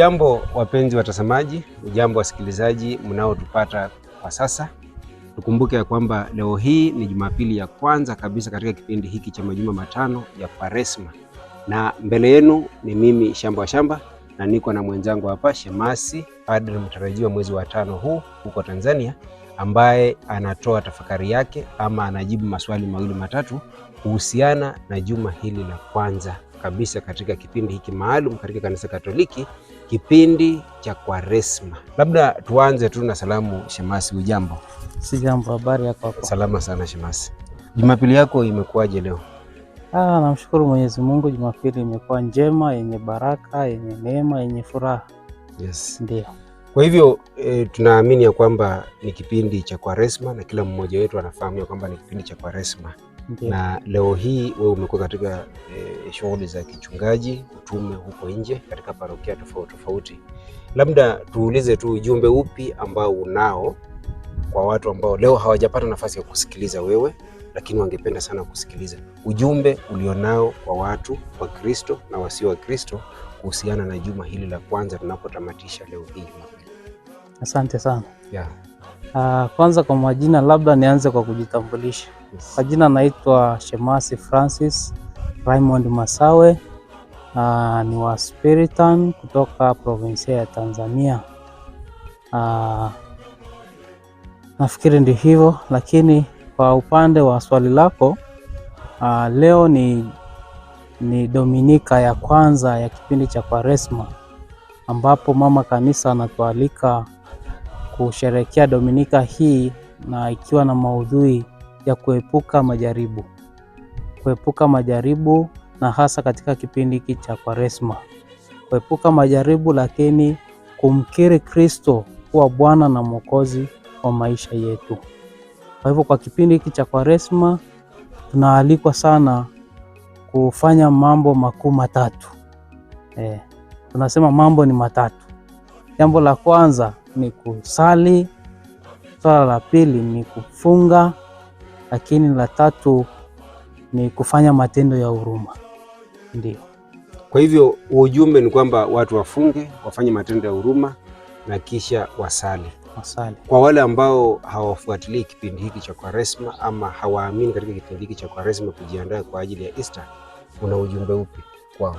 Ujambo wapenzi watazamaji, ujambo wasikilizaji mnaotupata kwa sasa. Tukumbuke ya kwamba leo hii ni Jumapili ya kwanza kabisa katika kipindi hiki cha majuma matano ya Kwaresma, na mbele yenu ni mimi Shamba wa Shamba na niko na mwenzangu hapa Shemasi, padre mtarajiwa mwezi wa tano huu huko Tanzania, ambaye anatoa tafakari yake ama anajibu maswali mawili matatu kuhusiana na juma hili la kwanza kabisa katika kipindi hiki maalum katika kanisa Katoliki kipindi cha Kwaresma. Labda tuanze tu na salamu. Shemasi, ujambo? Si jambo, habari yako hapo? Salama sana Shemasi. Jumapili yako imekuwaje leo? Ah, namshukuru Mwenyezi Mungu, Jumapili imekuwa njema, yenye baraka, yenye neema, yenye furaha. Yes. Ndio. Kwa hivyo e, tunaamini ya kwamba ni kipindi cha Kwaresma na kila mmoja wetu anafahamu ya kwamba ni kipindi cha Kwaresma. Na leo hii wewe umekuwa katika e, shughuli za kichungaji, utume huko nje katika parokia tofauti tofauti. Labda tuulize tu ujumbe upi ambao unao kwa watu ambao leo hawajapata nafasi ya kusikiliza wewe, lakini wangependa sana kusikiliza ujumbe ulionao kwa watu wa Kristo na wasio wa Kristo kuhusiana na juma hili la kwanza tunapotamatisha leo hii Asante sana yeah. Uh, kwanza kwa majina, labda nianze kwa kujitambulisha. Yes. Kwa jina naitwa Shemasi Francis Raymond Masawe. Uh, ni wa Spiritan kutoka provinsia ya Tanzania. Uh, nafikiri ndio hivyo, lakini kwa upande wa swali lako uh, leo ni, ni Dominika ya kwanza ya kipindi cha Kwaresma ambapo mama kanisa anatualika kusherekea Dominika hii na ikiwa na maudhui ya kuepuka majaribu, kuepuka majaribu na hasa katika kipindi hiki cha Kwaresma, kuepuka majaribu, lakini kumkiri Kristo kuwa Bwana na Mwokozi wa maisha yetu. Kwa hivyo, kwa kipindi hiki cha Kwaresma tunaalikwa sana kufanya mambo makuu matatu. Eh, tunasema mambo ni matatu. Jambo la kwanza ni kusali, swala la pili ni kufunga lakini la tatu ni kufanya matendo ya huruma. Ndio, kwa hivyo ujumbe ni kwamba watu wafunge, wafanye matendo ya huruma na kisha wasali. Wasali. Kwa wale ambao hawafuatilii kipindi hiki cha Kwaresma ama hawaamini katika kipindi hiki cha Kwaresma kujiandaa kwa ajili ya Easter, una ujumbe upi kwao?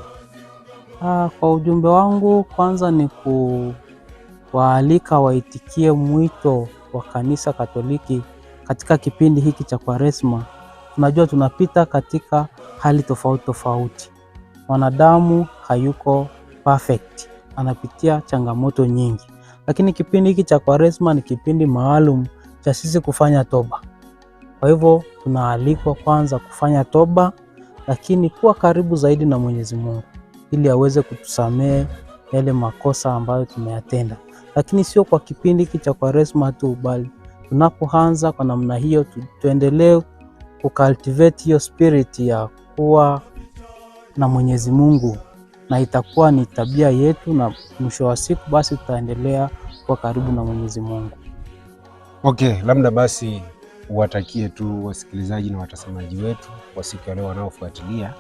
Ah, kwa ujumbe wangu kwanza ni kuwaalika waitikie mwito wa Kanisa Katoliki katika kipindi hiki cha Kwaresma, tunajua tunapita katika hali tofauti tofauti. Mwanadamu hayuko perfect, anapitia changamoto nyingi, lakini kipindi hiki cha Kwaresma ni kipindi maalum cha sisi kufanya toba. Kwa hivyo tunaalikwa kwanza kufanya toba, lakini kuwa karibu zaidi na Mwenyezi Mungu ili aweze kutusamehe yale makosa ambayo tumeyatenda, lakini sio kwa kipindi hiki cha Kwaresma tu bali Tunapoanza kwa namna hiyo, tuendelee kucultivate hiyo spirit ya kuwa na Mwenyezi Mungu, na itakuwa ni tabia yetu, na mwisho wa siku basi tutaendelea kuwa karibu na Mwenyezi Mungu. Okay, labda basi watakie tu wasikilizaji na watazamaji wetu kwa siku ya leo wanaofuatilia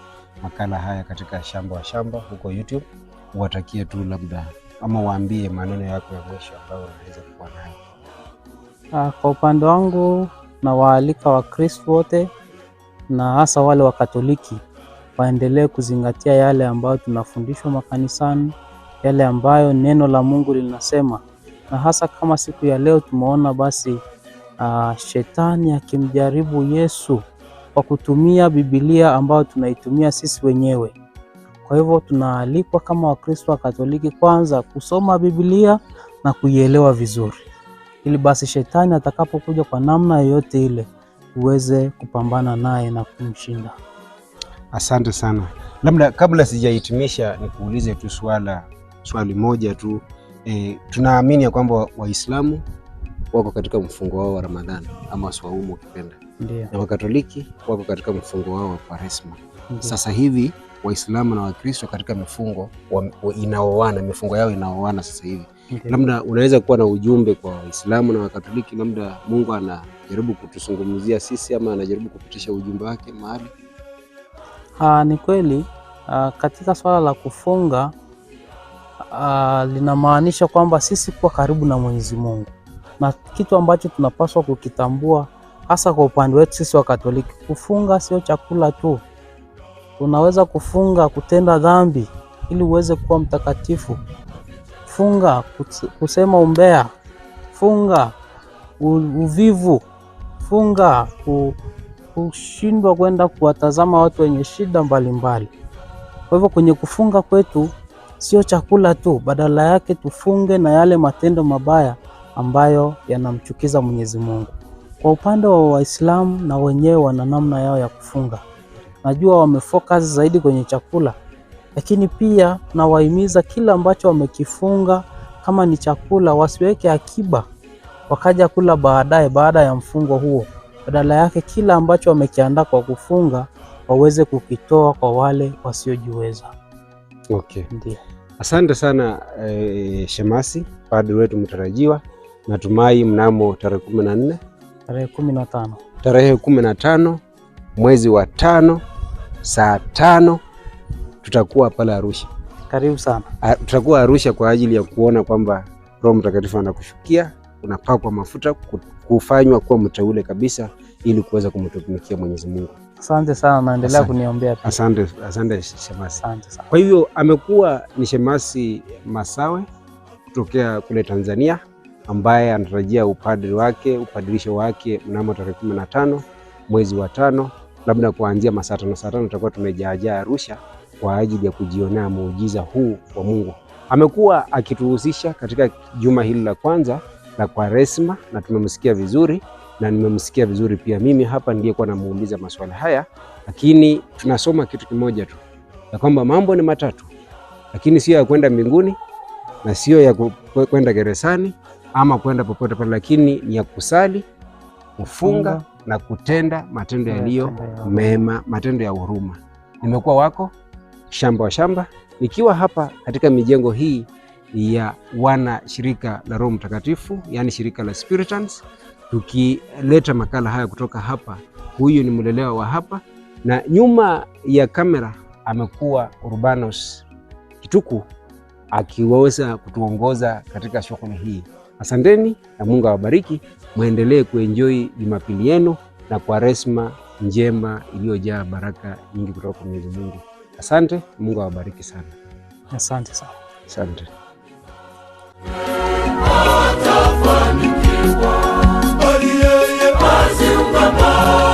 makala haya katika Shamba wa Shamba huko YouTube, watakie tu labda ama waambie maneno yako ya mwisho ambayo unaweza kuwa nayo. Ah, kwa upande wangu nawaalika wakristo wote na hasa wale wakatoliki waendelee kuzingatia yale ambayo tunafundishwa makanisani, yale ambayo neno la Mungu linasema, na hasa kama siku ya leo tumeona basi uh, shetani akimjaribu Yesu kwa kutumia Biblia ambayo tunaitumia sisi wenyewe. Kwa hivyo tunaalikwa kama Wakristo wa Katoliki kwanza kusoma Biblia na kuielewa vizuri ili basi shetani atakapokuja kwa namna yoyote ile uweze kupambana naye na kumshinda. Asante sana. Labda kabla sijahitimisha, nikuulize tu swala swali moja tu. E, tunaamini ya kwamba Waislamu wako katika mfungo wao wa Ramadhani ama swaumu ukipenda, na Wakatoliki wako katika mfungo wao wa Kwaresma. Sasa hivi Waislamu na Wakristo katika mifungo inaoana, mifungo yao inaoana sasa hivi. Okay. Labda unaweza kuwa na ujumbe kwa Waislamu na Wakatoliki, labda Mungu anajaribu kutuzungumzia sisi ama anajaribu kupitisha ujumbe wake mahali. Ah, ni kweli. Aa, ah, katika swala la kufunga ah, linamaanisha kwamba sisi kuwa karibu na Mwenyezi Mungu, na kitu ambacho tunapaswa kukitambua hasa kwa upande wetu sisi wakatoliki kufunga sio chakula tu Unaweza kufunga kutenda dhambi ili uweze kuwa mtakatifu. Funga kusema umbea, funga uvivu, funga kushindwa kwenda kuwatazama watu wenye shida mbalimbali. Kwa hivyo kwenye kufunga kwetu sio chakula tu, badala yake tufunge na yale matendo mabaya ambayo yanamchukiza Mwenyezi Mungu. Kwa upande wa Waislamu na wenyewe wana namna yao ya kufunga. Najua wamefocus zaidi kwenye chakula, lakini pia nawahimiza kila ambacho wamekifunga kama ni chakula wasiweke akiba wakaja kula baadaye, baada ya mfungo huo. Badala yake kila ambacho wamekiandaa kwa kufunga waweze kukitoa kwa wale wasiojiweza. Okay. Ndiyo. Asante sana eh, Shemasi padri wetu mtarajiwa, natumai mnamo tarehe kumi na nne tarehe kumi na tano tarehe kumi na tano mwezi wa tano saa tano tutakuwa pale Arusha. Karibu sana. A, tutakuwa Arusha kwa ajili ya kuona kwamba Roho Mtakatifu anakushukia unapakwa mafuta kufanywa kuwa mteule kabisa ili kuweza kumtumikia Mwenyezi Mungu. Asante sana, naendelea kuniombea pia. Asante, asante shemasi. Asante sana. Kwa hivyo amekuwa ni shemasi Masawe kutokea kule Tanzania ambaye anatarajia upadri wake upadirisho wake mnamo tarehe kumi na tano mwezi wa tano labda kuanzia masaa tano saa tano tutakuwa tumejaajaa Arusha kwa ajili ya kujionea muujiza huu wa Mungu. Amekuwa akituhusisha katika juma hili la kwanza la Kwaresma na tumemsikia vizuri na nimemsikia vizuri pia mimi hapa niliyekuwa namuuliza maswali haya, lakini tunasoma kitu kimoja tu, ya kwamba mambo ni matatu, lakini sio ya kwenda mbinguni na sio ya kwenda gerezani ama kwenda popote pale, lakini ni ya kusali, kufunga na kutenda matendo yaliyo mema, matendo ya huruma. Nimekuwa wako Shamba wa Shamba, nikiwa hapa katika mijengo hii ya wana shirika la Roho Mtakatifu, yaani shirika la Spiritans, tukileta makala haya kutoka hapa. Huyu ni mlelewa wa hapa, na nyuma ya kamera amekuwa Urbanos Kituku akiweza kutuongoza katika shughuli hii. Asanteni na Mungu awabariki mwendelee kuenjoy Jumapili yenu na kwa resma njema iliyojaa baraka nyingi kutoka kwa Mwenyezi Mungu. Asante, Mungu awabariki sana. Asante sana. Asante. Atafanikiwa